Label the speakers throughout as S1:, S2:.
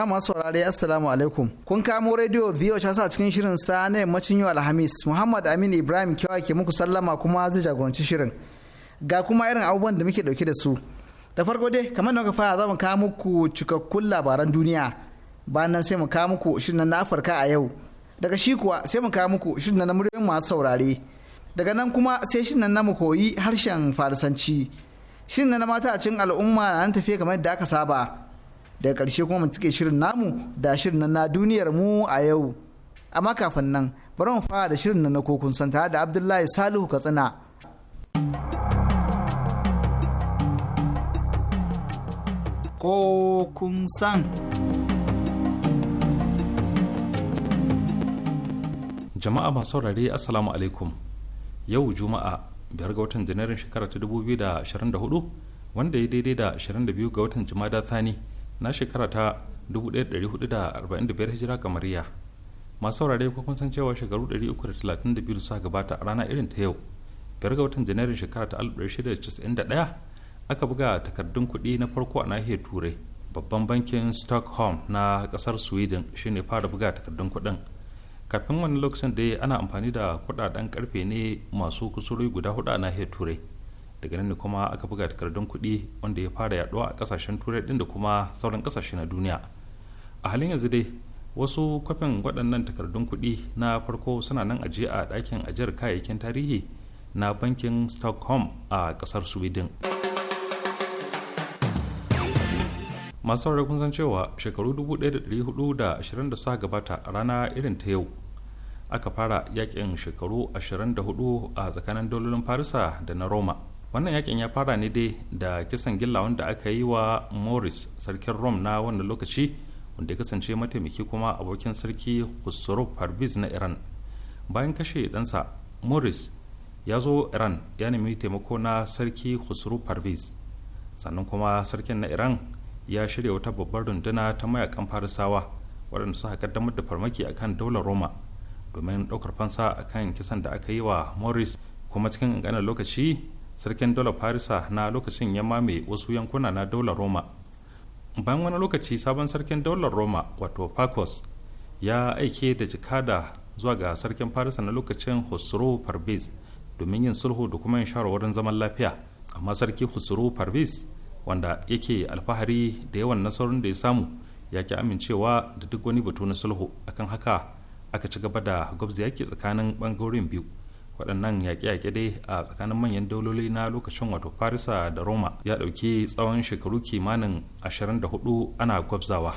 S1: masu saurare Assalamu alaikum. Kun kamo rediyo biyu ta sa cikin shirin sa na yammacin yau Alhamis. Muhammad Aminu Ibrahim kyawa ke muku sallama kuma zai jagoranci shirin. Ga kuma irin abubuwan da muke dauke da su. Da farko dai kamar da muka fara za mu kawo muku cikakkun labaran duniya. Bayan nan sai mu kawo muku shirin na Afirka a yau. Daga shi kuwa sai mu kawo muku shirin na muryoyin masu saurare. Daga nan kuma sai shirin na mu koyi harshen Farisanci. Shirin na mata a cikin al'umma na tafiya kamar yadda aka saba. daga karshe kuma mu cike shirin namu da shirin na duniyar mu a yau amma kafin nan bari mu fara da shirin na kokun santa da abdullahi salihu katsina kokun san
S2: jama'a masu saurare assalamu alaikum yau juma'a biyar ga watan janairun shekara ta 2024 wanda ya daidai da 22 ga watan jumada thani na shekara ta 1445 hijira kamariya masu saurare ko kun san cewa shekaru 332 suka gabata a rana irin ta yau biyar ga watan janairun shekara ta 1691 aka buga takardun kuɗi na farko a nahiyar turai babban bankin stockholm na kasar sweden shine fara buga takardun kuɗin kafin wani lokacin da ana amfani da kuɗaɗen karfe ne masu kusuri guda hudu a nahiyar turai daga nan ne kuma aka buga takardun kuɗi wanda ya fara yaduwa a kasashen turai din da kuma sauran kasashe na duniya a halin yanzu dai wasu kwafin waɗannan takardun kuɗi na farko suna nan ajiye a ɗakin ajiyar kayayyakin tarihi na bankin stockholm a ƙasar sweden masu saurari kun san cewa shekaru 1420 da suka gabata rana irin ta yau aka fara yakin shekaru 24 a tsakanin dalolin farisa da na roma wannan yakin ya fara ne dai da kisan gilla wanda aka yi wa morris sarkin rome na wannan lokaci wanda ya kasance mataimaki kuma abokin sarki khusro parviz na iran bayan kashe ɗansa morris ya zo iran ya nemi taimako na sarki khusro parviz sannan kuma sarkin na iran ya shirya wata babbar runduna ta mayakan farisawa waɗanda suka kaddamar da farmaki akan daular roma domin ɗaukar fansa akan kisan da aka yi wa morris kuma cikin ƙanƙanin lokaci sarkin daular farisa na lokacin ya mame wasu yankuna na daular roma bayan wani lokaci sabon sarkin daular roma wato pacos ya aike da jikada zuwa ga sarkin farisa na lokacin husro parvis domin yin sulhu da kuma yin shawarwarin zaman lafiya amma sarki husro parvis wanda yake alfahari da yawan nasarorin da ya samu ya ki amincewa da duk wani batu na sulhu akan haka aka ci gaba da gwabza yaki tsakanin bangarorin biyu waɗannan yaƙe-yaƙe dai a tsakanin manyan dauloli na lokacin wato farisa da roma ya ɗauki tsawon shekaru kimanin 24 ana gwabzawa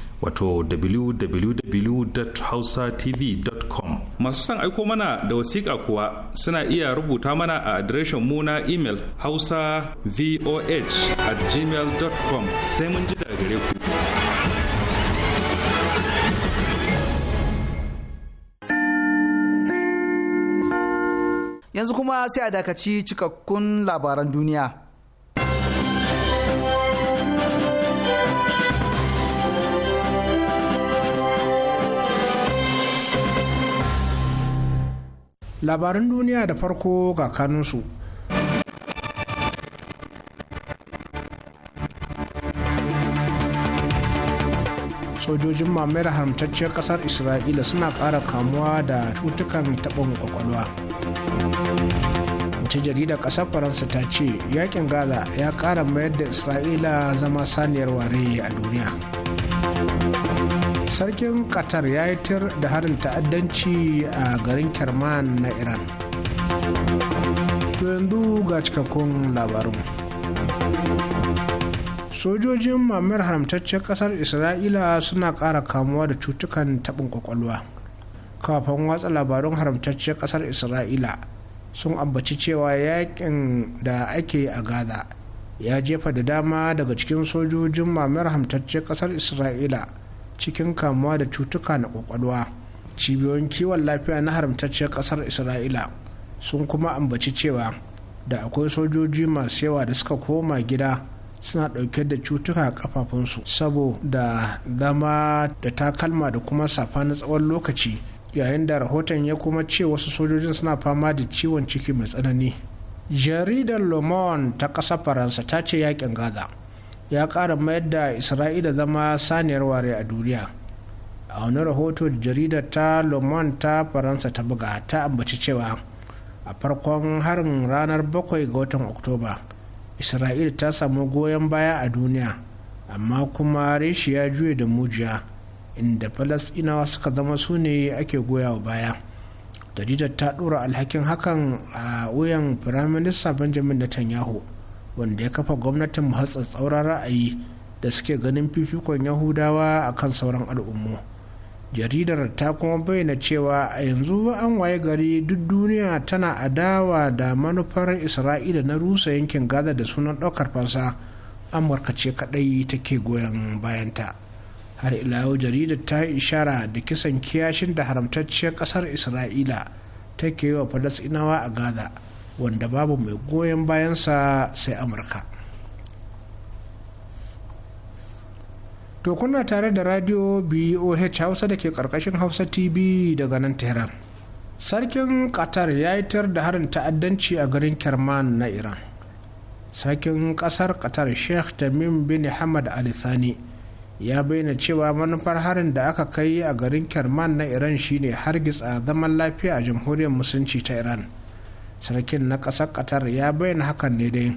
S2: wato www.hausatv.com masu son aiko mana da wasiƙa kuwa suna iya rubuta mana a adireshin mu na imel hausa voh at gmail.com sai mun ji daga gare ku
S1: yanzu kuma sai a dakaci cikakkun labaran duniya
S3: labaran duniya da farko ga kanunsu sojojin mamayar haramtacciyar kasar isra'ila suna ƙara kamuwa da cutukan taɓin kwakwalwa wace jaridar ƙasar faransa ta ce yakin gaza ya ƙara mayar da isra'ila zama saniyar ware a duniya sarkin qatar ya yi tir da harin ta'addanci a garin kerman na iran yanzu ga cikakkun labarun. sojojin mamayar haramtaccen kasar isra'ila suna kara kamuwa da cutukan taɓin kwakwalwa kafin watsa labarun haramtaccen kasar isra'ila sun ambaci cewa yakin da ake a gaza ya jefa da dama daga cikin sojojin mamayar haramtaccen kasar isra'ila cikin kamuwa da cutuka na kwakwalwa cibiyoyin kiwon lafiya na haramtacciyar kasar isra'ila sun kuma ambaci cewa da akwai sojoji masu yawa da suka koma gida suna ɗauke da cutuka a kafafunsu saboda zama da takalma da kuma safa na tsawon lokaci yayin da rahoton ya kuma ce wasu sojojin suna fama da ciwon ciki mai tsanani jaridar le ta ƙasar faransa ta ce yakin gaza ya ƙara mayar da isra'ila zama saniyar ware a duniya a wani rahoto da jaridar ta le ta faransa ta buga ta ambaci cewa a farkon harin ranar 7 ga watan oktoba isra'ila ta samu goyon baya a duniya amma kuma reshi ya juye da mujiya inda falasɗinawa suka zama su ne ake goya wa baya jaridar ta ɗora alhakin hakan a wuyan firaminista benjamin netanyahu wanda ya kafa gwamnatin masu tsauran ra'ayi da suke ganin fifikon yahudawa a kan sauran al'ummu jaridar ta kuma bayyana cewa a yanzu an waye gari duk duniya tana adawa da manufar isra'ila na rusa yankin gaza da sunan ɗaukar fansa amurka ce kaɗai take goyon bayanta har ila yau jaridar ta ishara da kisan kiyashin da haramtacciyar ƙasar isra'ila take yi wa falasɗinawa a gaza wanda babu mai goyon bayansa sai amurka to kuna tare da radio boh hausa da ke karkashin hausa tv daga nan tehran sarkin qatar ya yi tar da harin ta'addanci a garin kerman na iran sarkin kasar qatar sheikh tamim bin hamad al ya bayyana cewa manufar harin da aka kai a garin kerman na iran shine hargitsa zaman lafiya a jamhuriyar musulunci ta iran sarkin na ƙasar qatar ya bayyana hakan ne dai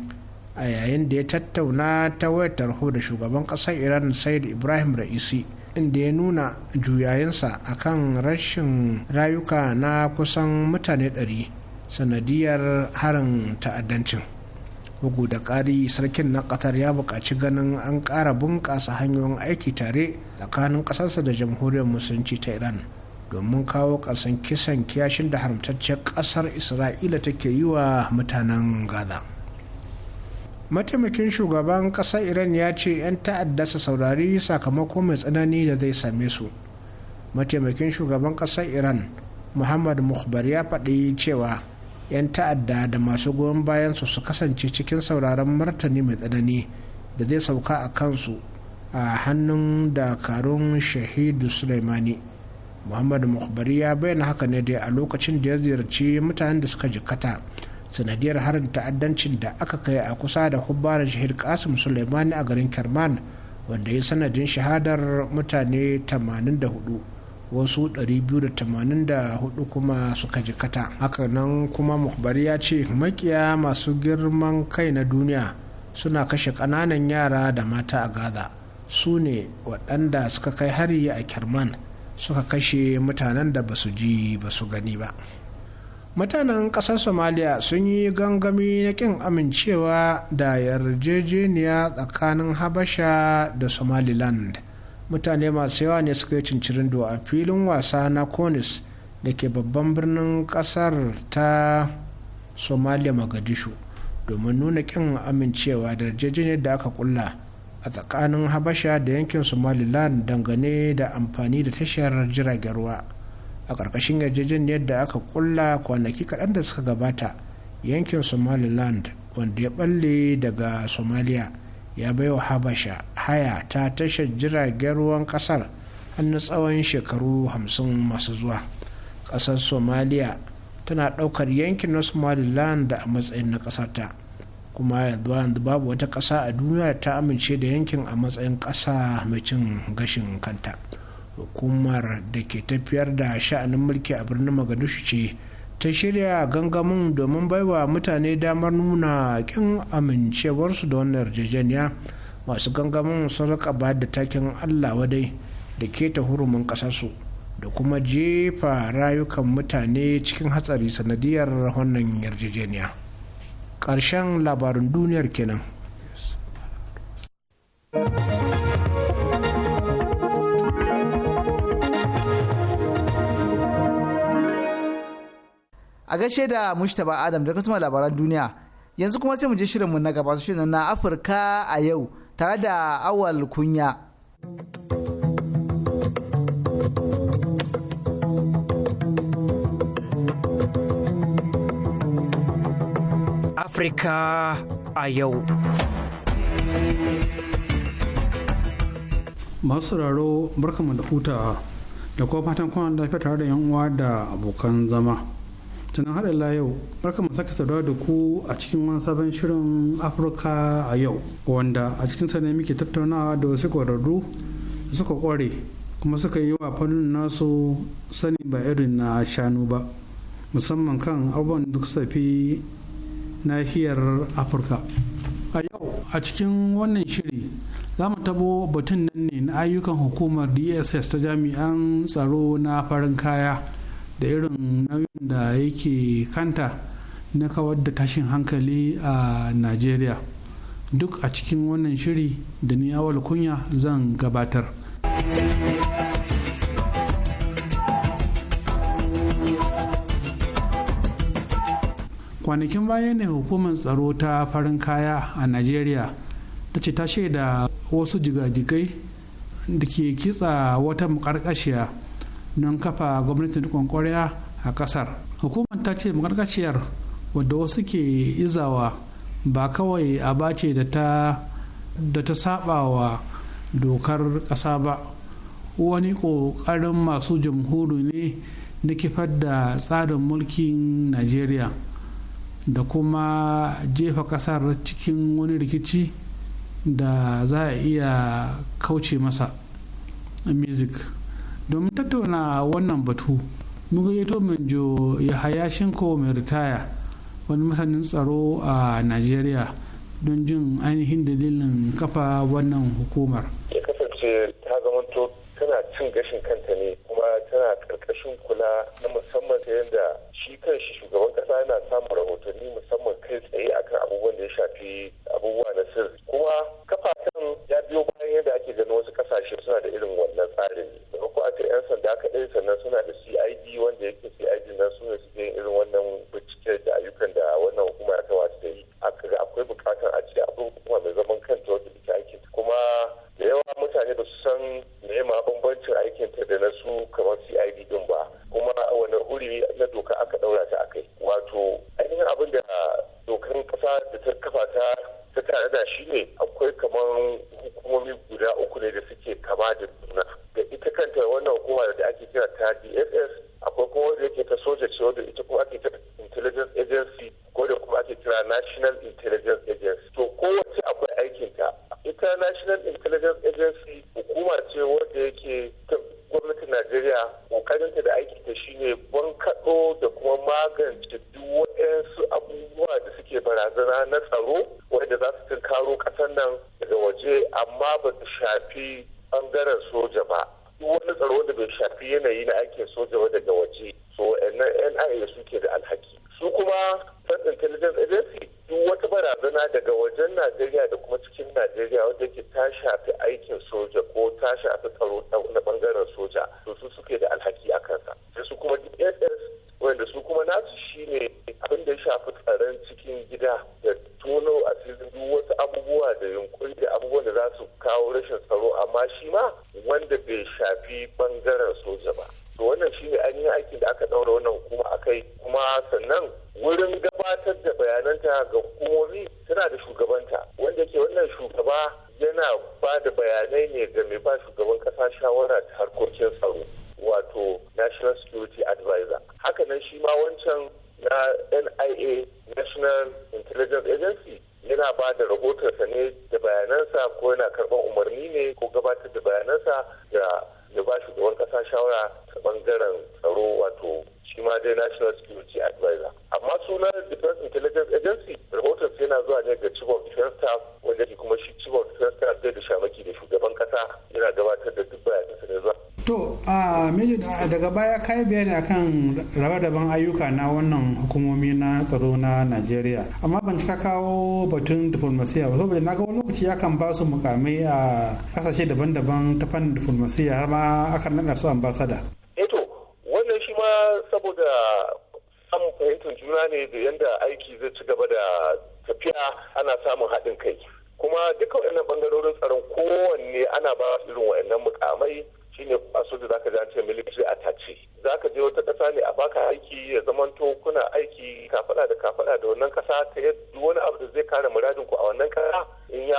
S3: a yayin da ya tattauna ta wayar tarho da shugaban ƙasar iran said ibrahim ra'isi inda ya nuna juyayinsa a kan rashin rayuka na kusan mutane 100 sanadiyar harin ta'addancin bugu da ƙari sarkin na ƙatar ya buƙaci ganin an ƙara bunƙasa hanyoyin aiki tare tsakanin ƙasarsa da jamhuriyar musulunci ta iran domin kawo ƙasan kisan kiyashin da haramtaccen ƙasar isra'ila take yi wa mutanen gaza mataimakin shugaban ƙasar iran ya ce 'yan ta'adda su saurari sakamako mai tsanani da zai same su mataimakin shugaban ƙasar iran muhammad mukhbar ya faɗi cewa 'yan ta'adda da masu goyon bayansu su kasance cikin sauraron martani mai tsanani da zai sauka a kansu a hannun dakarun shahidu sulaimani muhammadu mukhbari ya bayyana haka ne dai a lokacin da ya ziyarci mutanen da suka jikata sanadiyar harin ta'addancin da aka kai a kusa da hubbaran shahid kasim suleimani a garin kerman wanda ya sanadin shahadar mutane 84 wasu 284 kuma suka jikata haka nan kuma mukhbari ya ce makiya masu girman kai na duniya suna kashe ƙananan yara da mata a gaza su ne waɗanda suka kai hari a kerman suka kashe mutanen da ba su ji ba su gani ba mutanen ƙasar somaliya sun yi gangami na ƙin amincewa da yarjejeniya tsakanin habasha da somaliland mutane masu yawa ne suka yi cincirin a filin wasa na konis da ke babban birnin ƙasar ta somalia magadishu domin nuna ƙin amincewa da yarjejeniyar da aka kulla a tsakanin habasha da yankin somaliland dangane da amfani da tashar jiragen ruwa a ƙarƙashin yarjejeniyar da aka kulla kwanaki kaɗan da suka gabata yankin somaliland wanda ya balle daga somaliya ya baiwa habasha haya ta tashar jiragen ruwan ƙasar na tsawon shekaru 50 masu zuwa ƙasar somaliya tana ɗaukar yankin na somaliland a matsayin na ƙasarta. ta kuma yanzu babu wata ƙasa a duniya ta amince da yankin a matsayin ƙasa mai cin gashin kanta hukumar da ke tafiyar da sha'anin mulki a birnin magadishu ce ta shirya gangamin domin baiwa mutane damar nuna kin amincewarsu da wannan yarjejeniya masu gangamin sun rika ba da takin allah wadai da keta hurumin ƙasarsu da kuma jefa rayukan mutane cikin hatsari sanadiyar wannan yarjejeniya. ƙarshen labarin duniyar kenan.
S1: a gaishe da Mustapha Adam da kuma labaran duniya. Yanzu kuma sai mu je shirinmu na gaba shirin na Afirka a yau tare da awal kunya.
S4: Afrika a yau. Masu raro
S5: barkamu da huta da kuma fatan kwanan lafiya tare da 'yan uwa da abokan zama. Tunan haɗin yau, barkamu sake saduwa da ku a cikin wani sabon shirin afrika a yau, wanda a cikin ne muke tattaunawa da wasu kwararru da suka ƙware kuma suka yi wa fannin nasu sani ba irin na shanu ba. musamman kan abubuwan da suka nahiyar afirka a yau a cikin wannan shiri za mu tabo batun nan ne na ayyukan hukumar dss ta jami'an tsaro na farin kaya da irin nauyin da yake kanta na kawar da tashin hankali a nigeria duk a cikin wannan shiri da ni awal kunya zan gabatar. kwanakin baya ne hukumar tsaro ta farin kaya a nigeria ta ce ta shaida wasu jigajigai da ke kitsa wata makarkashiya don kafa gwamnatin kwankwariya a kasar hukumar ta ce makarkashiyar wadda wasu ke izawa ba kawai a bace da ta saba wa dokar kasa ba wani kokarin masu jamhuri ne na kifar da tsarin mulkin najeriya da kuma jefa kasar cikin wani rikici da za a iya kauce masa music domin tattauna wannan batu to gayyato minjo ya hayashin ko mai ritaya wani masanin tsaro a nigeria don jin ainihin dalilin kafa wannan hukumar ya
S6: kasance ta zamanto tana cin gashin kanta ne kuma tana karkashin kula na musamman ta yadda shi kanshi shugaban kasa yana samun rahotanni musamman kai tsaye akan abubuwan da ya shafi abubuwa na sirri kuma kafafen ya biyo bayan yadda ake ganin wasu kasashe suna da irin wannan tsarin da ko a yan sanda kaɗai sannan suna da cid wanda yake cid na su ne suke irin wannan bincike da ayyukan da wannan hukuma ya kamata ta yi akwai bukatar a ce akwai hukuma mai zaman kanta wanda take aiki kuma da yawa mutane ba su san me ma bambancin aikinta da na su kamar cid din ba kuma wani huri na doka aka daura ta kai wato ainihin abin da dokan kasa da ta kafa ta ta tare da shi ne akwai kamar hukumomi guda uku ne da suke kama da juna da ita kanta wannan hukuma da ake kira ta dss akwai kuma wanda yake ta soja ce wanda ita kuma ake kira intelligence agency ko da kuma ake kira national intelligence agency to kowace akwai aikinta International intelligence agency hukumar ce wadda yake ta gwamnatin najeriya ta da aiki ta shine bankaɗo da kuma magance duk waɗansu abubuwa da suke barazana na tsaro wanda za su tunkaro ƙasar nan daga waje amma ba su shafi ɓangaren soja ba duk wani tsaro da bai shafi yanayi na aikin soja ba daga waje so nia suke da alhaki su kuma intelligence agency duk wata barazana daga wajen najeriya da kuma cikin najeriya wadda ke ta shafi aikin soja ko ta shafi tsaro na bangaren soja su suke
S5: kai bayani akan rabe daban ayyuka na wannan hukumomi na tsaro na najeriya amma ban cika kawo batun diplomasiya ba saboda na ga wani lokaci yakan ba su mukamai a kasashe daban-daban ta fannin diplomasiya har ma akan naɗa su ambasada
S6: shine a soja zaka ce military attache zaka je wata kasa ne a baka aiki ya zamanto kuna aiki kafada da kafada da wannan kasa ta yadda wani abu da zai kare muradin ku a wannan kasa in ya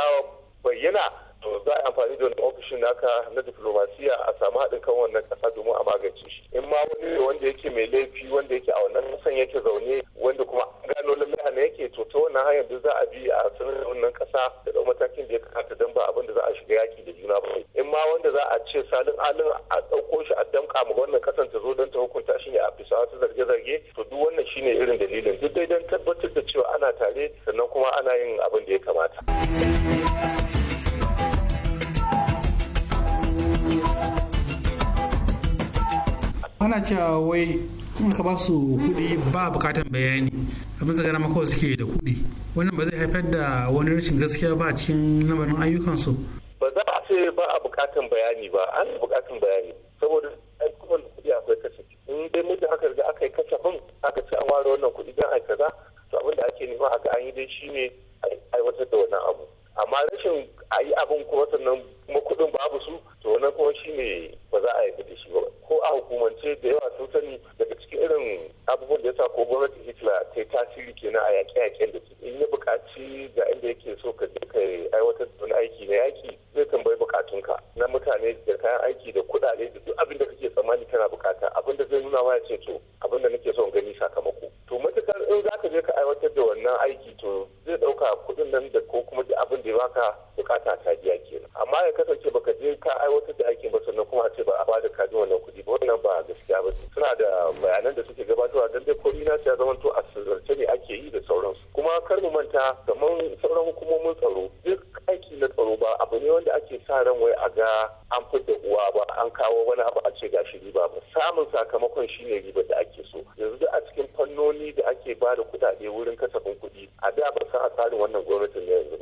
S6: bayyana to za a amfani da ofishin naka na diplomasiya a samu haɗin kan wannan ƙasa domin a magance shi in ma wani ne wanda yake mai laifi wanda yake a wannan ƙasan yake zaune wanda kuma gano lallai ne yake to ta wannan hanyar da za a bi a sanar da wannan ƙasa da ɗau matakin da ya kamata don ba abin da za a shiga yaki da juna ba in ma wanda za a ce salin alin a ɗauko shi a damƙa ma wannan ƙasan ta zo don ta hukunta shi ne a bisa wasu zarge-zarge to duk wannan shine irin dalilin duk dai don tabbatar da cewa ana tare sannan kuma ana yin abin da ya kamata.
S5: ana cewa wai in ka ba su kuɗi ba bukatan bayani abin zagara maka suke da kuɗi wannan ba zai haifar da wani rashin gaskiya ba cikin lamarin ayyukansu ba
S6: za a ce ba a bukatan bayani ba an bukatan bayani saboda ayyukan kuɗi akwai kasafi in dai mutum aka riga aka yi kasafin aka ce an ware wannan kuɗi don a kaza to abin da ake nema a ga an yi dai shine aiwatar da wannan abu amma rashin a yi abin kuma sannan kuma kuɗin babu su to wannan kuma shi ne ba za a yi da shi ba ko a hukumance da yawa sun sani daga cikin irin abubuwan da ya sa ko gwamnati hitler ta yi tasiri kenan a yaƙe-yaƙen da su in ya buƙaci ga inda yake so ka je ka aiwatar da wani aiki na yaƙi zai tambayi buƙatunka na mutane da kayan aiki da kuɗaɗe da duk abin kake tsammani kana buƙata abin da zai nuna ma ya ce to abin nake son gani sakamako to matukar in za ka je ka aiwatar da wannan aiki to zai ɗauka kuɗin nan da ko kuma abin da ya baka buƙata ta biya kenan amma ya kasance baka je ka aiwatar da aikin ba sannan kuma a ce ba a bada kajin wannan kuɗi ba wannan ba gaskiya ba suna da bayanan da suke gabatarwa dan dai kori na ya zama to a sirrance ne ake yi da sauransu kuma kar mu manta kamar sauran hukumomin tsaro duk aiki na tsaro ba abu ne wanda ake sa ran wai a ga an fidda uwa ba an kawo wani abu a ce gashi riba ba samun sakamakon shine riba da ake so yanzu duk a cikin fannoni da ake ba da kuɗaɗe wurin kasafin kuɗi a da ba sa a tsarin wannan gwamnatin na yanzu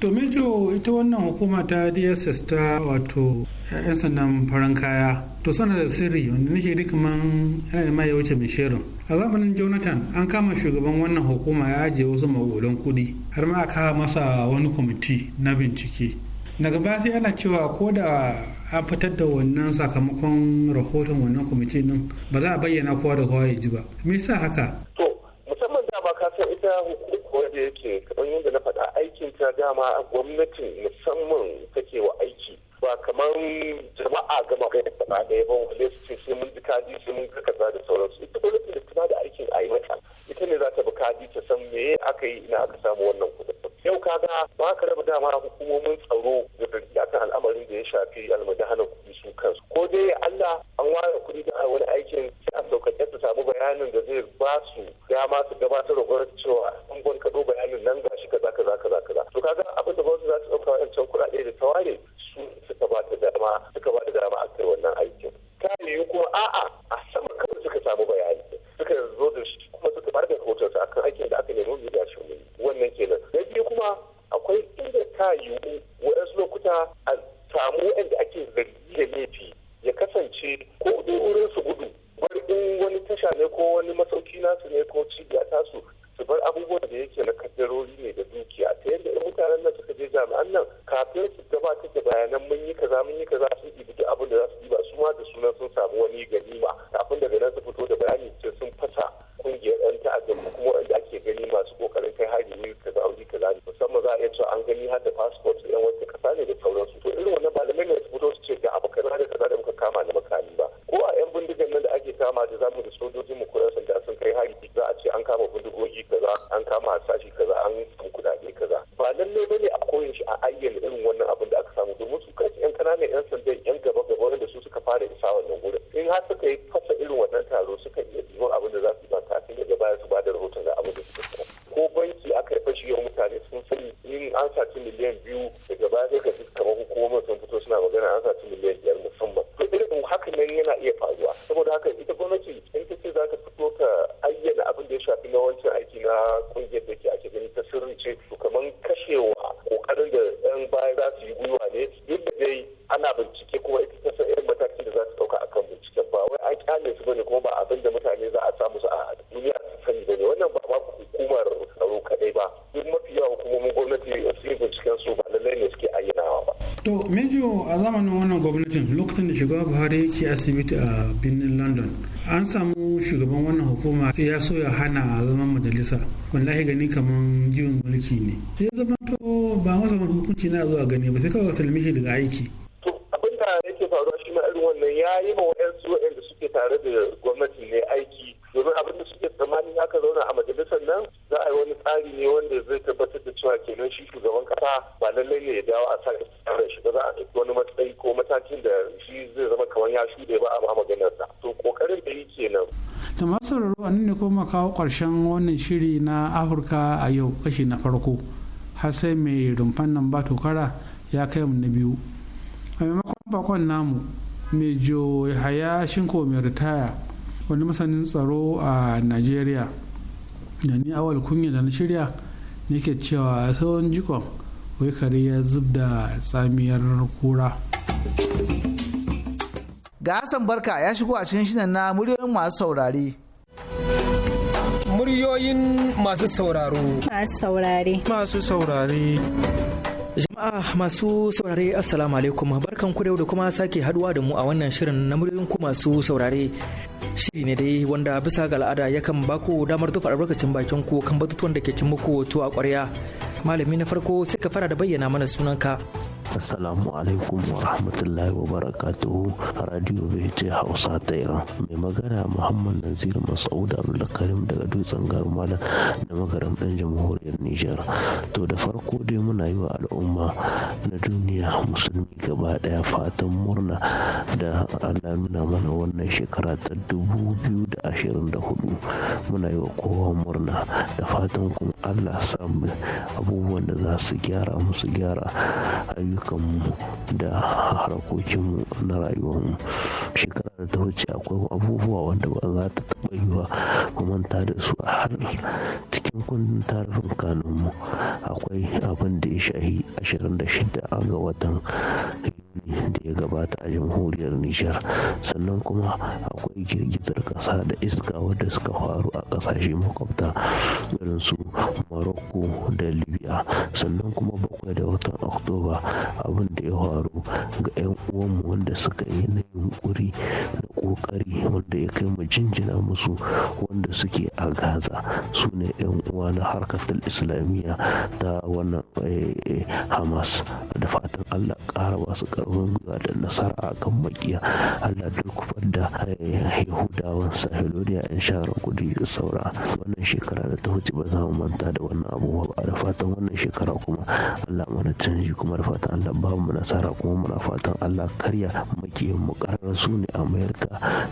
S5: to mejo ita wannan hukuma ta dss ta wato 'yan sandan farin kaya to sana da sirri wanda nake duk man yana da ya wuce mai shirin a zamanin jonathan an kama shugaban wannan hukuma ya ajiye wasu magudan kudi har ma aka masa wani kwamiti na bincike daga baya sai ana cewa ko da an fitar da wannan sakamakon rahoton wannan kwamiti din ba za a bayyana kowa da kowa ya ji ba me yasa haka to
S6: da yake kamar yadda na faɗa aikin ta dama a gwamnatin musamman take wa aiki ba kamar jama'a gama gari gaba ɗaya ba wanda su ce sai mun ji kaji sai mun ga kaza da sauransu ita gwamnatin da tana da aikin a yi mata ita ne za ta bi kaji ta san me aka yi ina aka samu wannan kuɗi. yau kaga ba ka raba dama hukumomin tsaro da akan al'amarin da ya shafi almudahanar kuɗi su kansu ko dai Allah an ware kuɗi da wani aikin a sauƙaƙe su samu bayanin da zai ba su dama su gabatar da gwamnati cewa an gwan kaɗo bayanin nan ga shi kaza kaza kaza kaza to kaga abin da gwamnati za ta ɗauka wa'ancan kuɗaɗe da ta ware su suka ba da dama suka ba da dama a kai wannan aikin ta yiwu kuma a'a a sama kawai suka samu bayani suka zo da shi kuma suka bar da rahoton su akan aikin da aka nemo mu ga shi wannan kenan da biyu kuma akwai inda ta yiwu wasu lokuta a samu wanda ake zargi da laifi ya kasance ko wurin su gudu in wani tasha ne ko wani masauki nasu ne ko cibiya tasu su bar abubuwan da yake na kaddarori ne da dukiya ta yadda in mutanen nan suka je jami'an nan kafin su gabatar da bayanan mun yi kaza mun yi kaza sun ibi duk abin da za su ba su ma da sunan sun samu wani ganima kafin daga nan su fito da bayani ce sun fasa kungiyar 'yan ta'adda ko kuma wanda ake gani masu kokarin kai hari ne kaza wuri kaza ne musamman za a iya cewa an gani har da fasfot 'yan wata kasa ne da
S5: ce asibiti a birnin london an samu shugaban wannan hukuma ya so ya hana zaman majalisa wallahi gani kamar jiwon mulki ne ya zama to ba masa wani hukunci na zuwa gani ba sai kawai salmi shi daga aiki karshen wannan shiri na afirka a yau kashi na farko har sai mai rumfan nan ba tokara ya kai mu na biyu a maimakon bakon namu mai joe haya shinko mai ritaya wani masanin tsaro a nigeria da ni awal kunya da na shirya ne ke cewa tsawon jikon wai kare ya zub da tsamiyar kura
S1: ga asan barka ya shigo a cikin shinan na muryoyin masu saurare muryoyin masu sauraro. Masu saurare. Masu
S4: saurare. Jama'a masu saurare Assalamu alaikum barkan ku da kuma sake haduwa da mu a wannan shirin na muryoyin ku masu saurare. Shiri ne dai wanda bisa ga al'ada yakan baku damar tufa albarkacin bakin ku kan batutuwan da ke cin muku a ƙwarya. malami na farko sai ka fara da bayyana mana sunanka
S7: Assalamu alaikum wa rahmatullahi wa barakatuhu Radio BHJ Hausa ta Iran. Mai magana Muhammad Nazir Masaud Abdulkarim daga dutsen Garmala da magaram ɗan jamhuriyar Nijar. To da farko dai muna yi wa al'umma na duniya musulmi gaba ɗaya fatan murna da Allah nuna mana wannan shekara ta dubu biyu da ashirin da hudu. Muna yi wa kowa murna da fatan kuma Allah samu abubuwan da za su gyara musu gyara ayyukanmu da harkokinmu na rayuwarmu shekara da ta wuce akwai abubuwa wanda ba za ta taɓa yiwa mu manta da su har cikin kundin tarihin mu akwai abin da ya shahi 26 ga watan da ya gabata a jamhuriyar Nijar sannan kuma akwai girgizar ƙasa da iska wadda suka faru a kasashe makwabta irin su Morocco da Libya sannan kuma bakwai da watan Oktoba abin da ya faru ga 'yan uwanmu wanda suka yi na yunkuri da kokari wanda ya kai mu jinjina musu wanda suke a gaza su ne 'yan uwa na harkatar islamiyya ta wannan eh, eh, hamas da fatan allah kara masu karfin gwiwa da nasara a kan makiya allah kufar da eh, yahudawan sahiloniya yan shara kudi da saura wannan shekara da ta wuce ba za mu manta da wannan abubuwa ba da fatan wannan shekara kuma allah mana canji kuma da fatan allah ba mu nasara kuma muna fatan allah karya makiyan mu karar su ne a amerika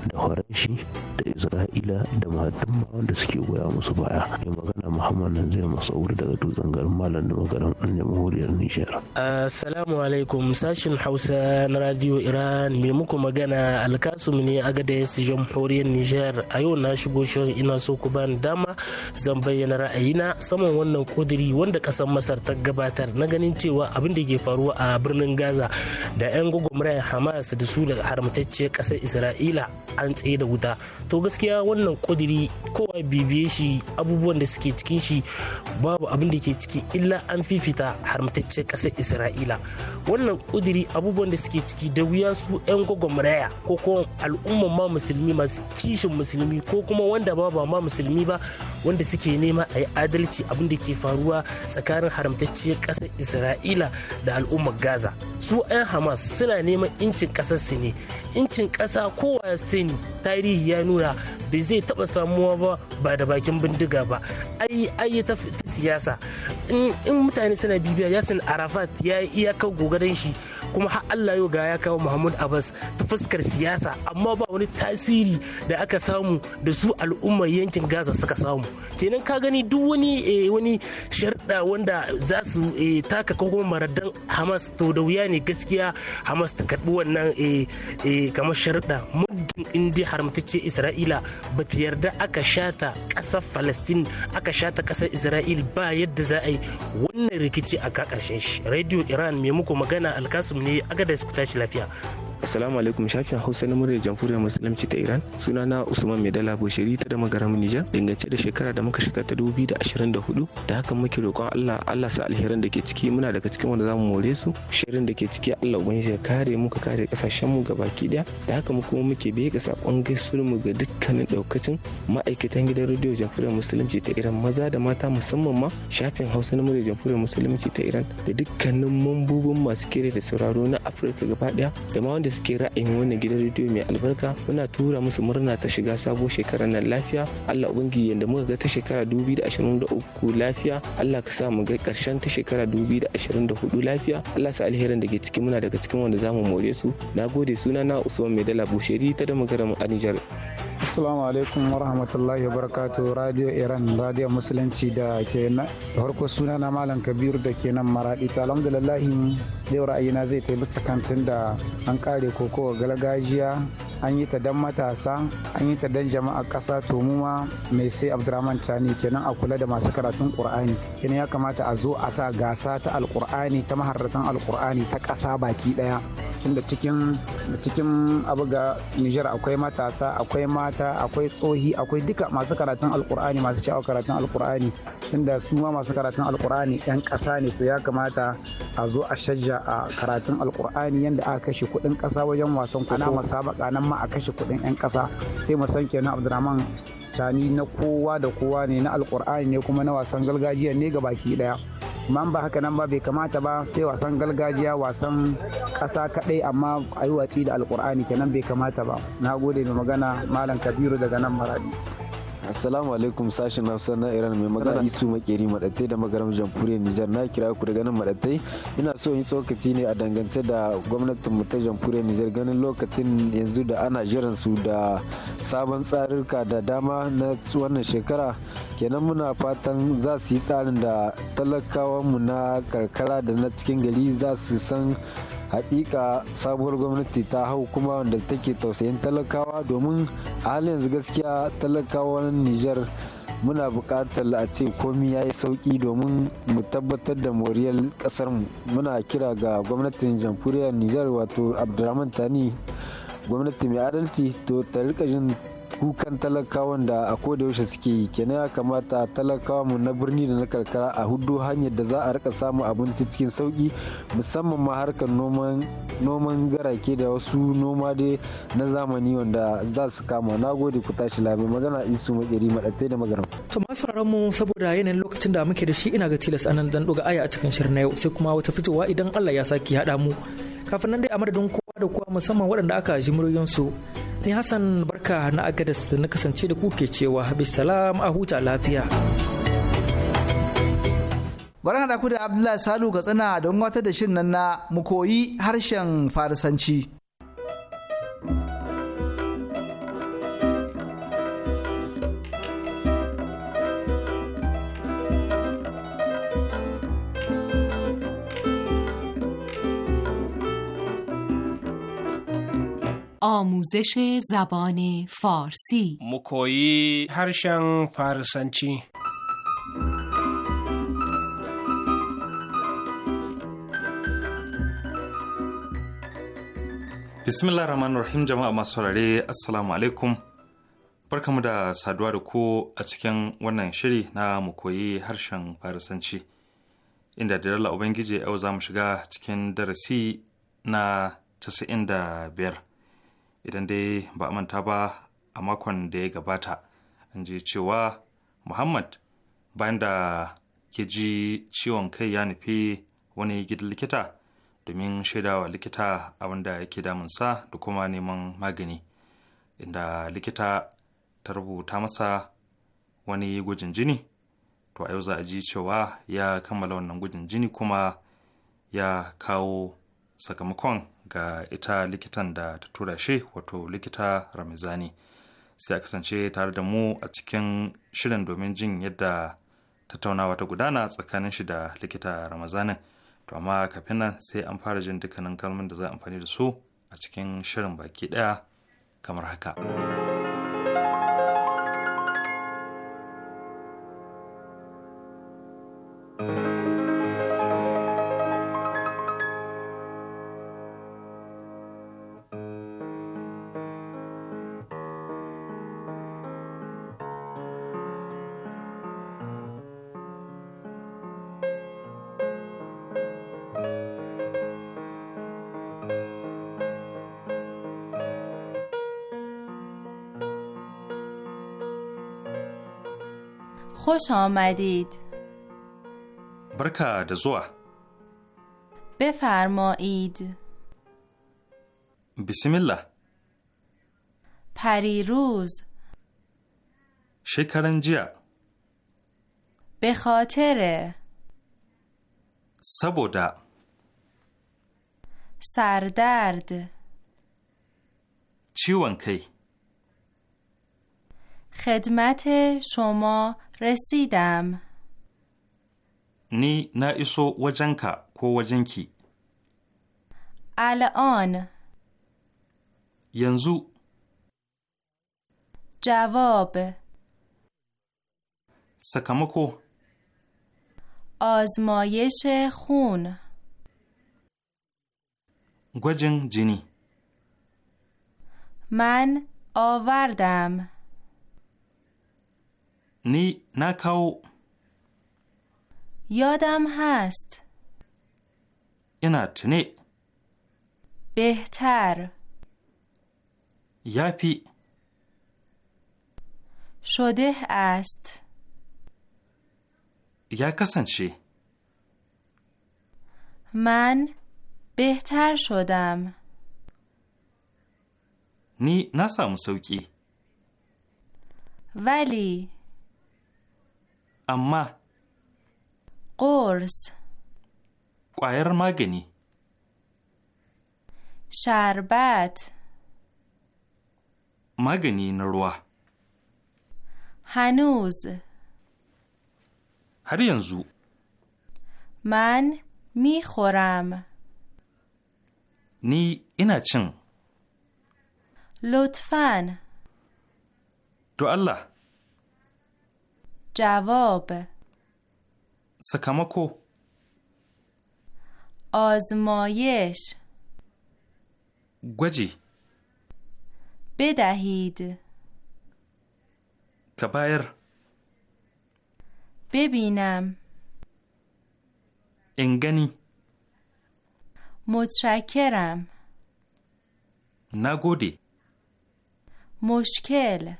S7: da faranshi da isra'ila da mahadumma wanda suke goya musu baya mai magana muhammad nan zai wuri daga dutsen garin malam da magaran an jamhuriyar nijar
S8: assalamu alaikum sashin hausa na radio iran mai muku magana alkasum ne a gada gadayas jamhuriyar nijar a yau na shigo shirin ina so ku bani dama zan bayyana ra'ayina saman wannan kudiri wanda kasar masar ta gabatar na ganin cewa abin da ke faruwa a birnin gaza da 'yan gwagwamrayar hamas da su da haramtacciyar kasar isra'ila isra'ila an tsaye da wuta to gaskiya wannan kudiri kowa bibiye shi abubuwan da suke cikin shi babu abin da ke ciki illa an fifita haramtacce ƙasar isra'ila wannan kudiri abubuwan da suke ciki da wuya su 'yan gwagwamraya ko kuma al'umman ma musulmi masu kishin musulmi ko kuma wanda ba ba ma musulmi ba wanda suke nema a yi adalci abin da ke faruwa tsakanin haramtacciyar ƙasar isra'ila da al'ummar gaza su 'yan hamas suna neman incin ƙasarsu ne incin ƙasa ƙasa kowa ya sani tarihi ya nuna bai zai taɓa samuwa ba ba da bakin bindiga ba ai ai ta siyasa in mutane suna bibiya yasin arafat ya yi iyakar gogaran shi kuma har Allah yau ga ya kawo Muhammad Abbas ta fuskar siyasa amma ba wani tasiri da aka samu da su al'ummar yankin Gaza suka samu kenan ka gani duk wani eh, wani sharda wanda za su eh, taka kuma maradan Hamas to da wuya ne gaskiya Hamas ta karbi wannan eh, kamar sharda muddin indi haramtacce Isra'ila ba ta yarda aka shata ƙasar Falastin aka shata ƙasar Isra'il ba yadda za a yi wannan rikici a ka ƙarshen shi. Radio Iran mai muku magana alkasu ne agades ku tashi lafiya Assalamu alaikum shafin Hausa na muryar Jamhuriyar Musulunci ta Iran. Sunana Usman Medala Bushiri ta da magaram Nijar dangance da shekara da muka shiga ta 2024 da haka muke roƙon Allah Allah sa alherin da ke ciki muna daga cikin wanda zamu more su shirin da ke ciki Allah ubangiji ya kare mu ka kare kasashen mu gabaki daya da haka mu kuma muke biye ga sakon gaisuwar mu ga dukkanin daukacin ma'aikatan gidan rediyo Jamhuriyar Musulunci ta Iran maza da mata musamman ma shafin Hausa na muryar Jamhuriyar Musulunci ta Iran da dukkanin mambobin masu kere da sauraro na Afirka gaba daya da ma wanda suke ra'ayin wannan gidan rediyo mai albarka muna tura musu murna ta shiga sabuwar shekarar nan lafiya Allah ubangiji yanda muka ga ta shekara 2023 lafiya Allah ka sa mu ga karshen ta shekara 2024 lafiya Allah sa alherin da ke ciki muna daga cikin wanda zamu more su nagode suna na Usman Medala Bushiri ta da magaramin Anijar
S9: Assalamu alaikum wa rahmatullahi wa barakatu Radio Iran Radio Musulunci da ke na farko suna na Malam Kabiru da ke nan Maradi ta alhamdulillah yau ra'ayina zai taimaka kan da an kare kare kowa gargajiya an yi ta dan matasa an yi ta dan jama'a kasa to mu ma mai sai abdurrahman cani kenan a kula da masu karatun qur'ani kenan ya kamata a zo a sa gasa ta alqur'ani ta maharratan alqur'ani ta kasa baki ɗaya tunda cikin cikin abu ga Nijar akwai matasa akwai mata akwai tsohi akwai duka masu karatun alkur'ani masu sha'awar karatun alkur'ani tunda su ma masu karatun alqur'ani yan kasa ne to ya kamata a zo a shajja a karatun alkur'ani yanda aka kashe kuɗin kasa wajen wasan kuma musabaka nan ma a kashe kuɗin 'yan ƙasa sai mu san kenan abdurrahman Sani na kowa da kowa ne na Alƙur'ani ne kuma na wasan gargajiya ne ga baki daya amma ba haka nan ba bai kamata ba sai wasan gargajiya wasan ƙasa kaɗai amma a yi watsi da Alƙur'ani kenan bai kamata ba na gode mai magana malam kabiru daga nan maradi assalamu alaikum sashen hausa na iran mai magana
S10: isu makeri madatai da magaram jamhuriyar nijar na kira ku daga ganin madatai ina so yi tsokaci ne a dangance da gwamnatin mu ta jamhuriyar nijar ganin lokacin yanzu da ana jiran su da sabon tsarirka da dama na wannan shekara kenan muna fatan za su yi tsarin da talakawan mu na karkara da na cikin gari za su san hakika sabuwar gwamnati ta hau kuma wanda take tausayin talakawa domin a halin yanzu gaskiya talakawan niger muna buƙatar a ce komi ya yi sauƙi domin mu tabbatar da moriyar ƙasarmu muna kira ga gwamnatin jamhuriyar niger wato abdulrahman tani gwamnati mai adalci to ta rika jin kukan talakawan da a koda yaushe suke yi kenan ya kamata talakawa mu na birni da na karkara a hudu hanyar da za a rika samun abinci cikin sauki musamman ma harkar noman garake da wasu noma dai na zamani wanda za su kama na gode ku tashi labe magana isu makiri madatai da magana.
S4: to masu mu saboda yanayin lokacin da muke da shi ina ga tilas anan zan doga aya a cikin shirin na yau sai kuma wata fitowa idan Allah ya saki haɗa mu kafin nan dai a madadin kowa da kowa musamman waɗanda aka ji muryoyinsu su ni Hassan barka na agadas da na kasance da kuke cewa bisalam a huta lafiya.
S1: Bari hada ku da Abdullahi Salu ga tsana don wata da shirin nan na mukoyi harshen Farisanci.
S11: آموزش زبان فارسی
S2: مکویی
S3: هرشن فارسنچی
S2: bismillah rahman rahim jama'a masu saurare assalamu alaikum barkamu da saduwa da ku a cikin wannan shiri na mu koyi harshen farisanci inda da ubangiji yau za mu shiga cikin darasi na 95 idan dai ba manta ba a makon da ya gabata an je cewa muhammad bayan da ke ji ciwon kai ya nufi wani gidan likita domin shaidawa likita abinda ya yake damunsa da kuma neman magani inda likita ta rubuta masa wani gwajin jini to a yau za a ji cewa ya kammala wannan gwajin jini kuma ya kawo sakamakon ga ita likitan da ta tura shi wato likita ramizani sai a kasance tare da mu a cikin shirin domin jin yadda tattaunawa ta gudana tsakanin shi da likita ramazanin to amma kafin nan sai an fara jin dukkanin kalmomin da za a amfani da su a cikin shirin baki daya kamar haka.
S11: خوش آمدید
S2: برکا دزوا
S11: بفرمایید بسم الله روز
S2: شکرنجیا
S11: به خاطر
S2: سبودا
S11: سردرد درد.
S2: کی
S11: خدمت شما رسیدم
S2: نی نا ایسو وجنکا کو وجنکی
S11: الان ینزو جواب سکمکو آزمایش خون
S2: گوجن جینی
S11: من آوردم
S2: نی نکاو
S11: یادم هست
S2: اینات نی
S11: بهتر یپی شده است
S2: یا چی؟
S11: من بهتر شدم
S2: نی نسام سوکی
S11: ولی amma ƙors
S2: ƙwayar magani
S11: sharbat
S2: magani na ruwa
S11: hannuz
S2: har yanzu
S11: man mi khoram
S2: ni ina cin
S11: lutfan to Allah جواب سکماکو آزمایش گوجی بدهید کبایر ببینم انگنی متشکرم
S2: نگودی
S11: مشکل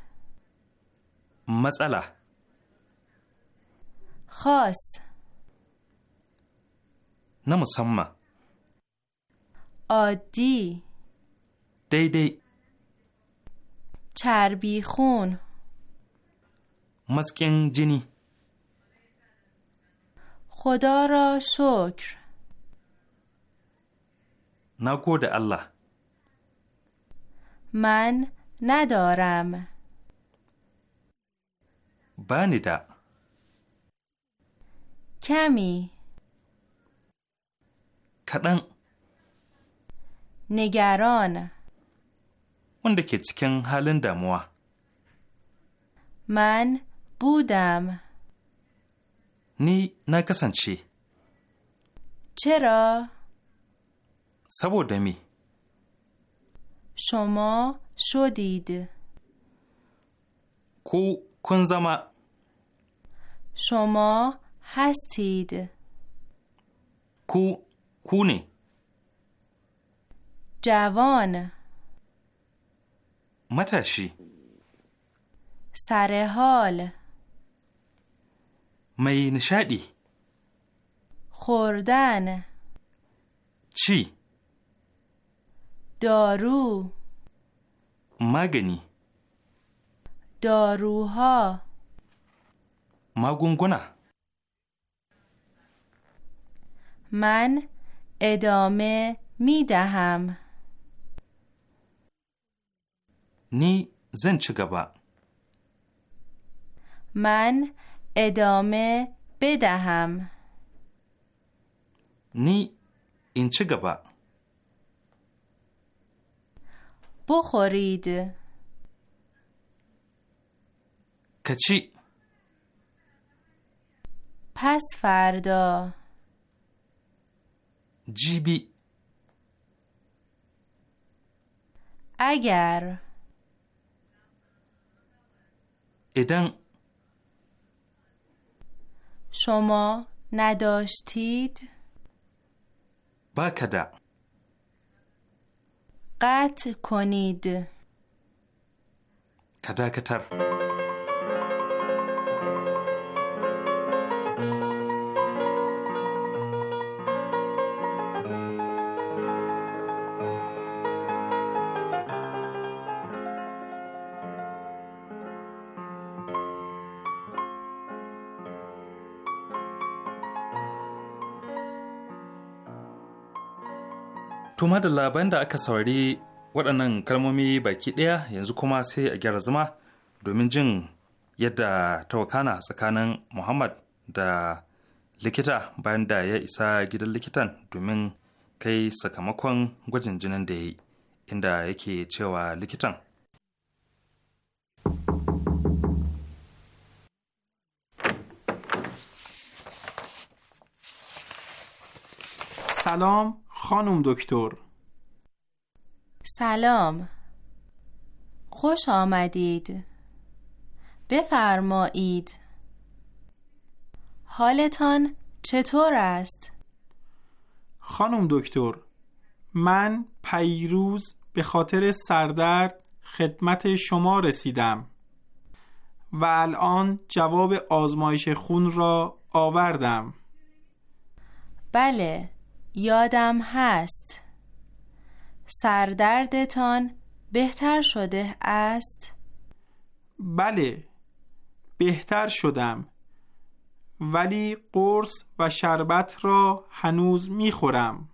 S2: مسئله خاص نه
S11: عادی دی چربی خون
S2: مسکن جنی
S11: خدا را شکر
S2: نگود الله
S11: من ندارم بانی Kyami. Kaɗan. نگران
S2: wanda ke cikin halin damuwa.
S11: Man budam.
S2: Ni na kasance. Cira. Saboda mi.
S11: Shomo shodid.
S2: Ku kun zama.
S11: Shomo هستید
S2: کو کونی
S11: جوان متشی سر حال
S2: می نشدی
S11: خوردن چی دارو مگنی داروها
S2: مگونگونه
S11: من ادامه می دهم
S2: نی زن چگبا
S11: من ادامه بدهم
S2: نی این چگبا
S11: بخورید کچی پس فردا جیبی اگر ادن شما نداشتید با کده قطع کنید
S2: کده کتر kuma da labaran da aka saurari waɗannan kalmomi baki ɗaya yanzu kuma sai a gyara zama domin jin yadda ta wakana tsakanin Muhammad da likita bayan da ya isa gidan likitan domin kai sakamakon gwajin jinin da ya yi inda yake cewa likitan
S12: سلام خانم دکتر
S11: سلام خوش آمدید بفرمایید حالتان چطور است؟
S12: خانم دکتر من پیروز به خاطر سردرد خدمت شما رسیدم و الان جواب آزمایش خون را آوردم
S11: بله یادم هست سردردتان بهتر شده است؟
S12: بله بهتر شدم ولی قرص و شربت را هنوز خورم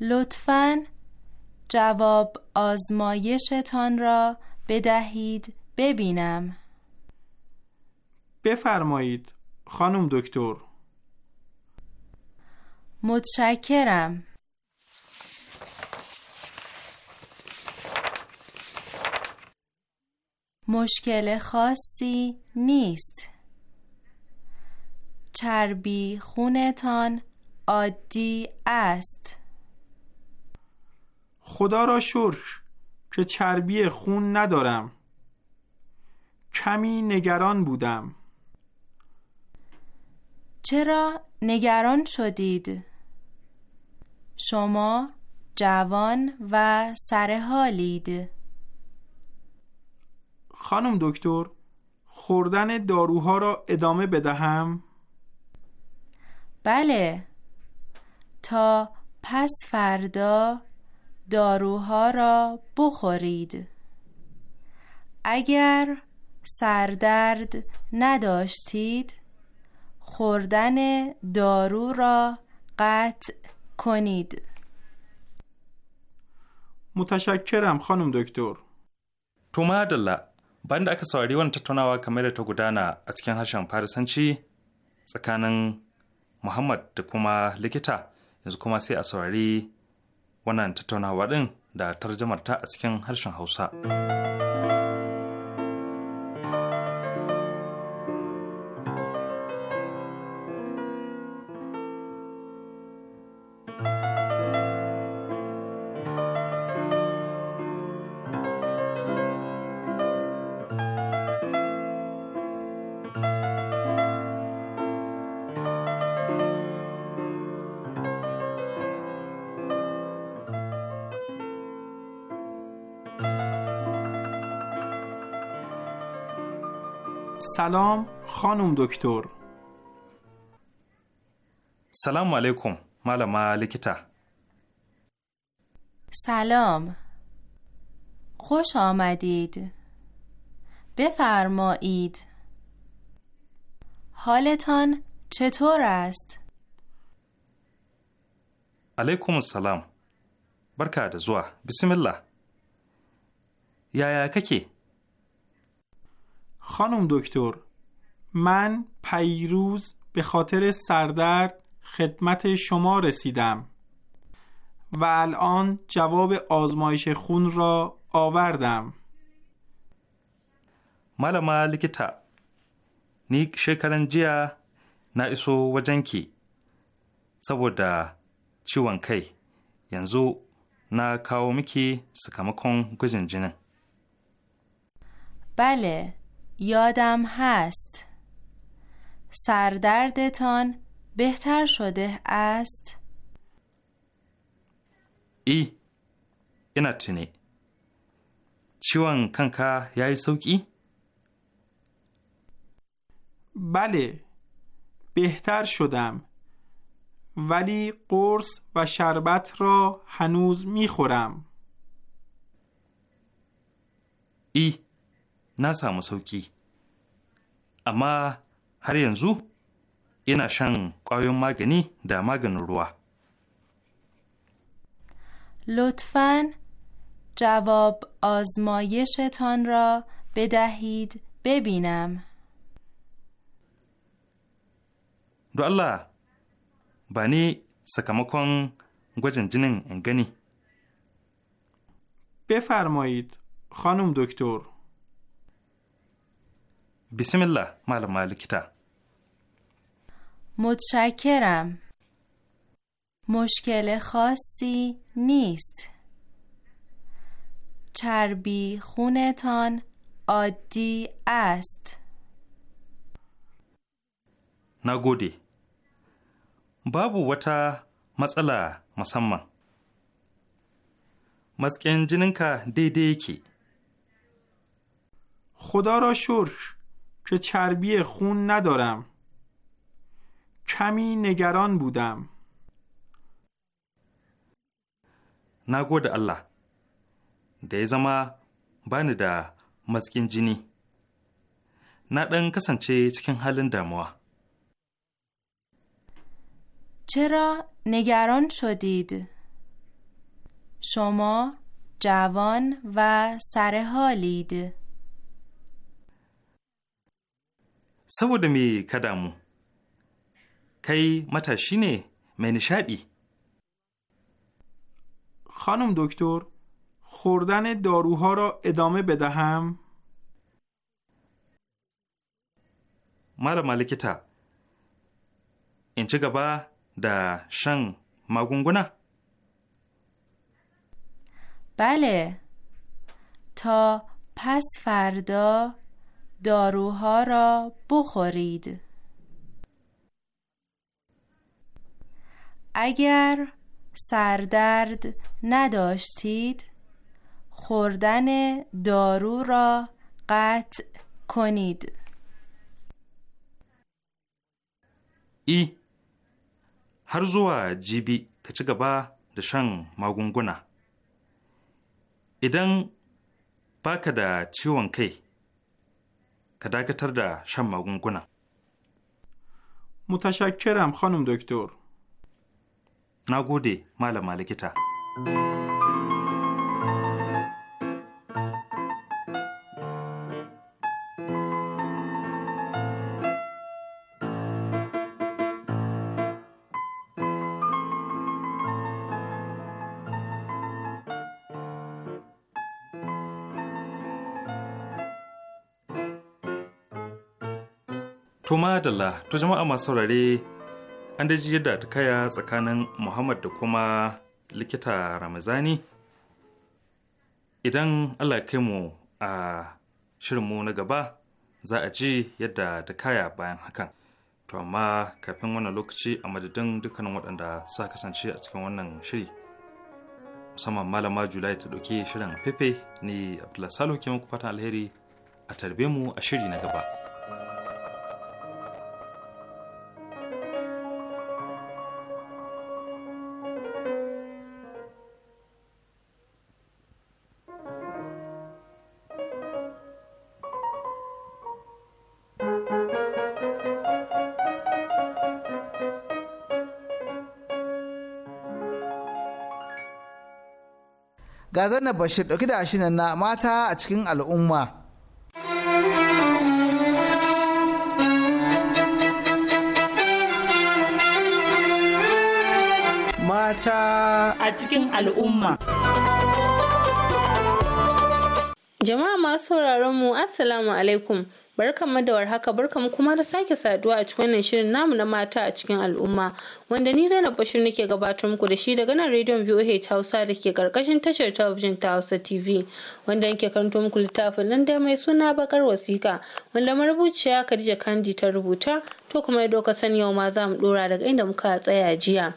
S11: لطفا جواب آزمایشتان را بدهید ببینم
S12: بفرمایید خانم دکتر
S11: متشکرم. مشکل خاصی نیست. چربی خونتان عادی است. خدا
S12: را شکر که چربی خون ندارم. کمی نگران بودم.
S11: چرا نگران شدید؟ شما جوان و سرحالید
S12: خانم دکتر خوردن داروها را ادامه بدهم؟
S11: بله تا پس فردا داروها را بخورید اگر سردرد نداشتید خوردن دارو را قطع کنید
S2: متشکرم خانم دکتر تو مادلا bayan da aka saurari wani tattaunawa kamar da ta gudana a cikin harshen farisanci tsakanin muhammad da kuma likita yanzu kuma sai a saurari wannan tattaunawa din da tarjamarta a cikin harshen hausa سلام خانم دکتر سلام علیکم معلم مالکتا
S11: سلام خوش آمدید بفرمایید حالتان چطور است؟
S2: علیکم السلام زوا بسم بسم یا یا ککی؟
S12: خانم دکتر من پیروز به خاطر سردرد خدمت شما رسیدم و الان جواب آزمایش
S2: خون را آوردم مال لکتا نیک شکرن جیا و و جنکی، سبودا چیوان یانزو، ینزو نا کاو بله سکمکون
S11: یادم هست سردردتان بهتر شده است
S2: ای اینا tuni چیوان کنکه یای سوکی بله بهتر شدم
S12: ولی قرص و شربت را هنوز میخورم
S2: ای na samu sauki amma har yanzu yana shan ƙwayoyin magani da maganin ruwa
S11: لطفا جواب آزمایشتان را بدهید ببینم
S2: دو الله بانی سکمکن گوجن جنین انگنی بفرمایید خانم دکتر بسم الله مال
S11: متشکرم مشکل خاصی نیست چربی خونتان عادی است
S2: نگودی بابو وتا مسئله مسمم مسکن که دیدی خدا را شرش
S12: که چربی خون ندارم کمی نگران
S2: بودم نگود الله ده زما بانی ده مزگین چه ندن کسان چه چکن
S11: چرا نگران شدید؟ شما جوان و سرحالید؟
S2: saboda me ka damu kai matashi ne خانم دکتر
S12: خوردن داروها را ادامه بدهم
S2: مرا ملکتا این چه دا شن مگونگونه
S11: بله تا پس فردا داروها را بخورید اگر سردرد نداشتید خوردن دارو را قطع کنید
S2: ای har zuwa jibi ka ci gaba da shan magunguna. Idan baka da ciwon kai, ka dakatar da shan magunguna. متشکرم خانم دکتر. Na gode, malama likita. To madalla, to jama'a masu saurare an daji yadda ta kaya tsakanin Muhammad da kuma likita Ramazani. Idan Allah kai mu a shirinmu na gaba za a ji yadda ta kaya bayan hakan. To amma kafin wannan lokaci a madadin dukkanin waɗanda suka kasance a cikin wannan shiri. Musamman Malama Julai ta ɗauki shirin fefe ni Abdullahi Salo ke muku fatan alheri a tarbe mu a shiri na gaba.
S1: ga bashir ɗauki da shi na mata a cikin al'umma
S13: mata a cikin al'umma jama'a masu sauraron mu assalamu alaikum mu da warhaka mu kuma da sake saduwa a cikin wannan shirin namu na mata a cikin al'umma wanda ni Zainab Bashir nake gabatar muku da shi daga nan rediyon VOH Hausa da ke karkashin tashar talabijin ta Hausa TV wanda yake karanto muku littafin nan da mai suna bakar wasika wanda marubuciya Khadija Kandi ta rubuta to kuma ya doka sani yau ma za mu dora daga inda muka tsaya jiya.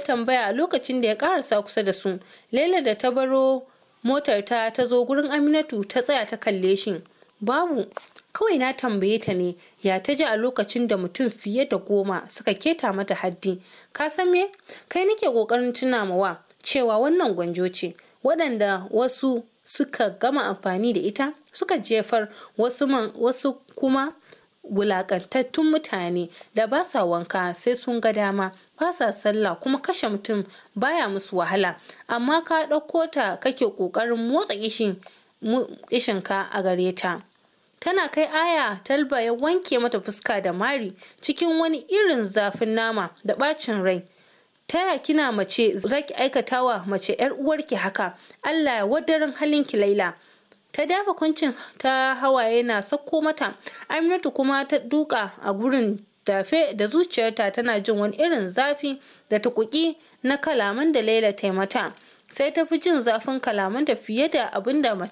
S13: ya tambaya a lokacin da ya karasa kusa da su laila da ta baro motar ta ta zo gurin aminatu ta tsaya ta kalle shi babu kawai na tambaye ta ne ya ta ji a lokacin da mutum fiye da goma suka keta mata haddi ka san me kai nake kokarin tuna mawa cewa wannan gwanjo ce waɗanda wasu suka gama amfani da ita suka jefar wasu, kuma wulaƙantattun mutane da ba sa wanka sai sun ga dama fasa sallah kuma kashe mutum baya musu wahala amma ka ɗauko ta kake ƙoƙarin motsa ƙishinka a gare ta tana kai aya talba ya wanke mata fuska da mari cikin wani irin zafin nama da ɓacin rai taya kina mace zaki aikata wa mace yar uwarki haka allah ya wadarin halinki laila ta dafa kuncin ta hawaye na sakko mata aminatu kuma ta duka a gurin dafe da zuciyarta tana jin wani irin zafi da tukuki na kalaman da laila mata sai ta fi jin zafin kalamanta fiye da abin da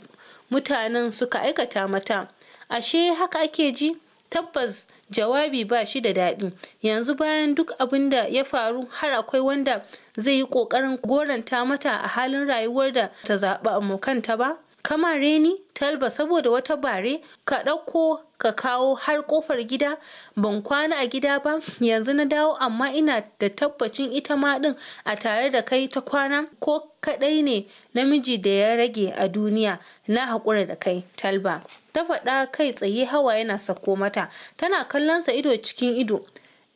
S13: mutanen suka aikata mata ashe haka ake ji tabbas jawabi ba shi da daɗi yanzu bayan duk abin da ya faru har akwai wanda zai yi ƙoƙarin goranta mata a halin rayuwar da ta zaɓa kanta ba kamare ni talba saboda wata bare ka ɗauko ka kawo har ƙofar gida ban kwana a gida ba yanzu na dawo amma ina da tabbacin ita ma ɗin a tare da kai ta kwana ko kaɗai ne namiji da ya rage a duniya na haƙura da kai talba ta faɗa kai tsaye hawa yana sako mata tana kallonsa ido cikin ido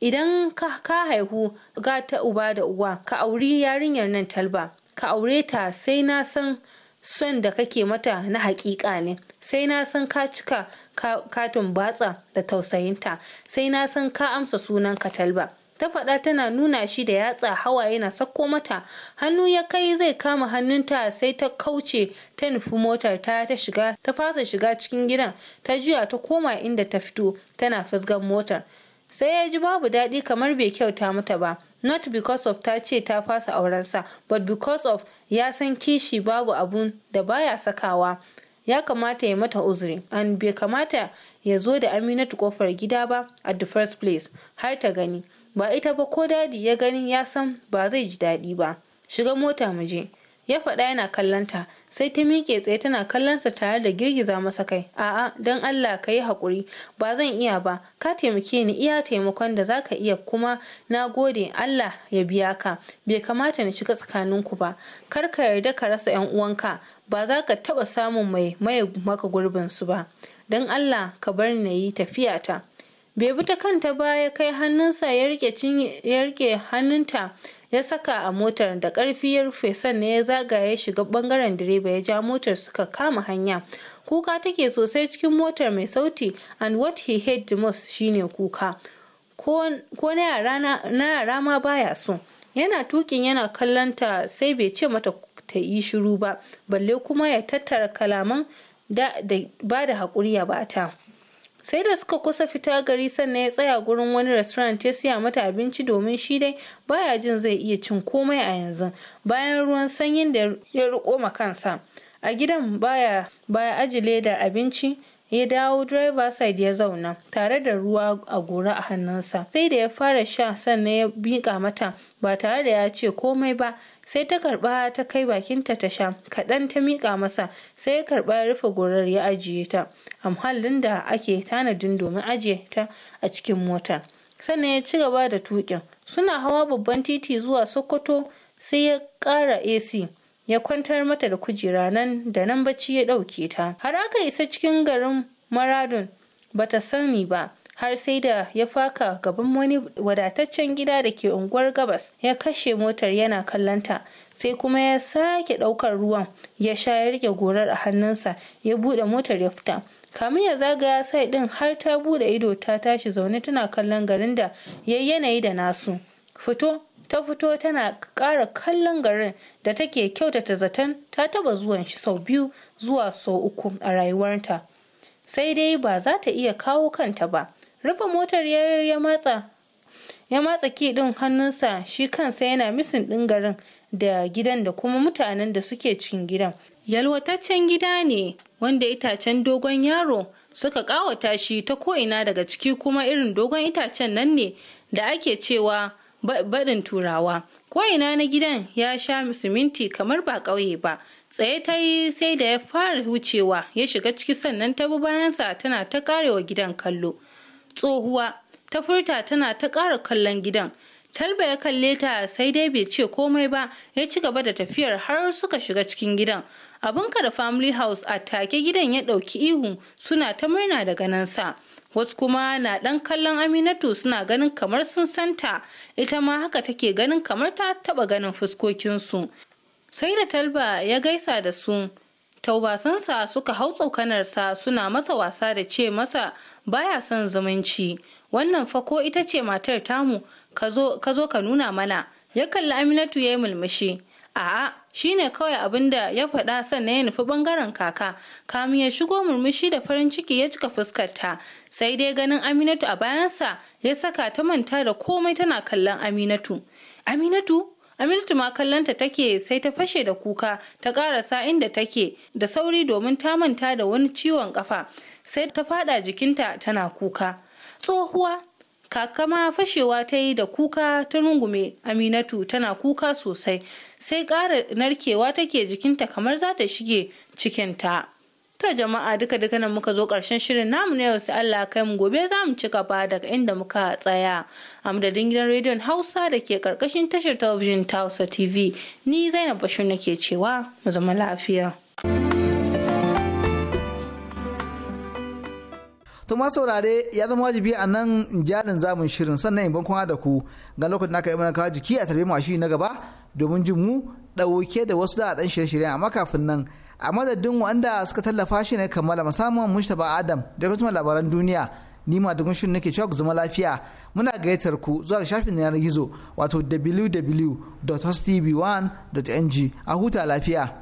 S13: idan ka, ka haihu ga ta uba da uwa ka auri yarinyar nan talba ka aure ta sai na san son da kake mata na haƙiƙa ne sai na san ka cika katin batsa da tausayinta sai na san ka amsa sunan katalba ta faɗa tana nuna shi da yatsa hawaye na sakko mata hannu ya kai zai kama hannunta sai ta kauce ta nufi motar ta ta shiga ta fasa shiga cikin gidan ta juya ta koma inda ta fito tana fusgan motar sai ya ji babu daɗi kamar bai kyauta mata ba not because of ta ce ta fasa aurensa but because of ya san kishi babu abun da baya sakawa ya kamata ya mata uzuri and bai kamata ya zo da aminatu kofar gida ba at the first place har ta gani ba ita ba ko dadi ya gani ya san ba zai ji daɗi ba shiga mota mu je ya faɗa yana kallonta sai ta miƙe tsaye tana kallon sa tare da girgiza masa kai a'a don allah ka yi haƙuri ba zan iya ba ka taimake ni iya taimakon da za ka iya kuma na gode allah ya biya ka bai kamata na shiga tsakaninku ba kar ka yarda ka rasa yan uwanka ba za ka taɓa samun mai maye maka gurbin su ba don allah ka bar ni na yi tafiyata bai bi ta kanta ba ya kai hannunsa ya rike hannunta ya saka a motar da karfi ya rufe sannan ya zagaya ya shiga bangaren direba ya ja motar suka kama hanya kuka take sosai cikin motar mai sauti and what he hate the most shine kuka ko na yara ma baya so yana tukin yana kallonta sai bai ce mata ta yi shiru ba balle kuma ya tattara kalaman da ba da haƙuri ya bata. sai da suka kusa fita gari sannan ya tsaya gurin wani restaurant ya siya mata abinci domin shi dai baya jin zai iya cin komai a yanzu bayan ruwan sanyin da ya riko ma kansa a gidan baya baya aji leda abinci ya dawo driver side ya zauna tare da ruwa a gora a hannunsa sai da ya fara sha sannan ya bika mata ba tare da ya ce komai ba sai ta karba ta kai bakinta ta sha kaɗan ta miƙa masa sai ya karba ya rufe gorar ya ajiye ta a muhallin da ake tanadin domin ajiye ta a cikin mota. sannan ya ci gaba da tuƙin suna hawa babban titi zuwa sokoto sai ya ƙara ac ya kwantar mata da kujera nan da nan bacci ya ɗauke ta har aka isa cikin garin maradon bata sani ba har sai da ya faka gaban wani wadataccen gida da ke unguwar gabas ya kashe motar yana kallonta sai kuma ya sake daukar ruwan ya sha ya rike gorar a hannunsa ya bude motar ya fita kamin ya zagaya sai din har ta bude ido ta tashi zaune tana kallon garin da ya yanayi da nasu fito ta fito tana ƙara kallon garin da take kyautata zaton ta taba zuwan shi sau biyu zuwa sau uku a rayuwarta sai dai ba za ta iya kawo kanta ba rufe motar ya matsa ya matsa ki din hannunsa shi kansa yana misin din garin da gidan da kuma mutanen da suke cikin gidan yalwataccen gida ne wanda itacen dogon yaro suka kawata shi ta ko'ina daga ciki kuma irin dogon itacen nan ne da ake cewa baɗin turawa ko'ina na gidan ya sha siminti kamar ba ƙauye ba tsaye ta yi sai da ya fara wucewa ya shiga ciki sannan ta bayansa tana ta karewa gidan kallo tsohuwa ta furta tana ta ƙara kallon gidan talba ya kalle ta sai dai bai ce komai ba ya ci gaba da tafiyar har suka shiga cikin gidan ka da family house a take gidan ya ɗauki ihu suna ta murna daga nan sa wasu kuma na ɗan kallon aminatu suna ganin kamar sun santa ita ma haka take ganin kamar ta taɓa ganin fuskokinsu sai da talba ya gaisa da su taubasansa suka hau tsokanarsa suna masa wasa da ce masa baya son zumunci wannan fako ita ce matar tamu ka zo ka nuna mana ya kalli aminatu ya yi mulmushi a'a shine kawai abin da ya faɗa sannan ya nufi bangaren kaka kamin ya shigo murmushi da farin ciki ya cika fuskarta sai dai ganin aminatu a bayansa ya saka ta manta da komai tana kallon aminatu aminatu aminatu ma kallonta take sai ta fashe da kuka ta karasa inda take da sauri domin ta manta da wani ciwon ƙafa sai ta fada jikinta tana kuka. Tsohuwa kaka ma fashewa ta yi da kuka ta rungume Aminatu tana kuka sosai sai ƙara narkewa take jikinta kamar za ta shige cikinta. To jama'a duka duka nan muka zo ƙarshen shirin namu na yau sai Allah kai mu gobe za mu ci gaba daga inda muka tsaya. A madadin gidan rediyon Hausa da ke karkashin tashar talabijin ta Hausa TV ni Zainab Bashir nake cewa mu zama lafiya.
S1: To ma saurare ya zama wajibi a nan jarin zamun shirin sannan in bankon da ku ga lokacin da aka yi mana kawo jiki a tarbe mu a na gaba domin jin mu ɗauke da wasu da a ɗan shirye shiryen amma kafin nan a madadin wanda suka tallafa shi ne kammala musamman mustapha adam da kuma labaran duniya ni ma da gunshin nake cewa zama lafiya muna gayyatar ku zuwa ga shafin yanar gizo wato www.hostv1.ng a huta lafiya.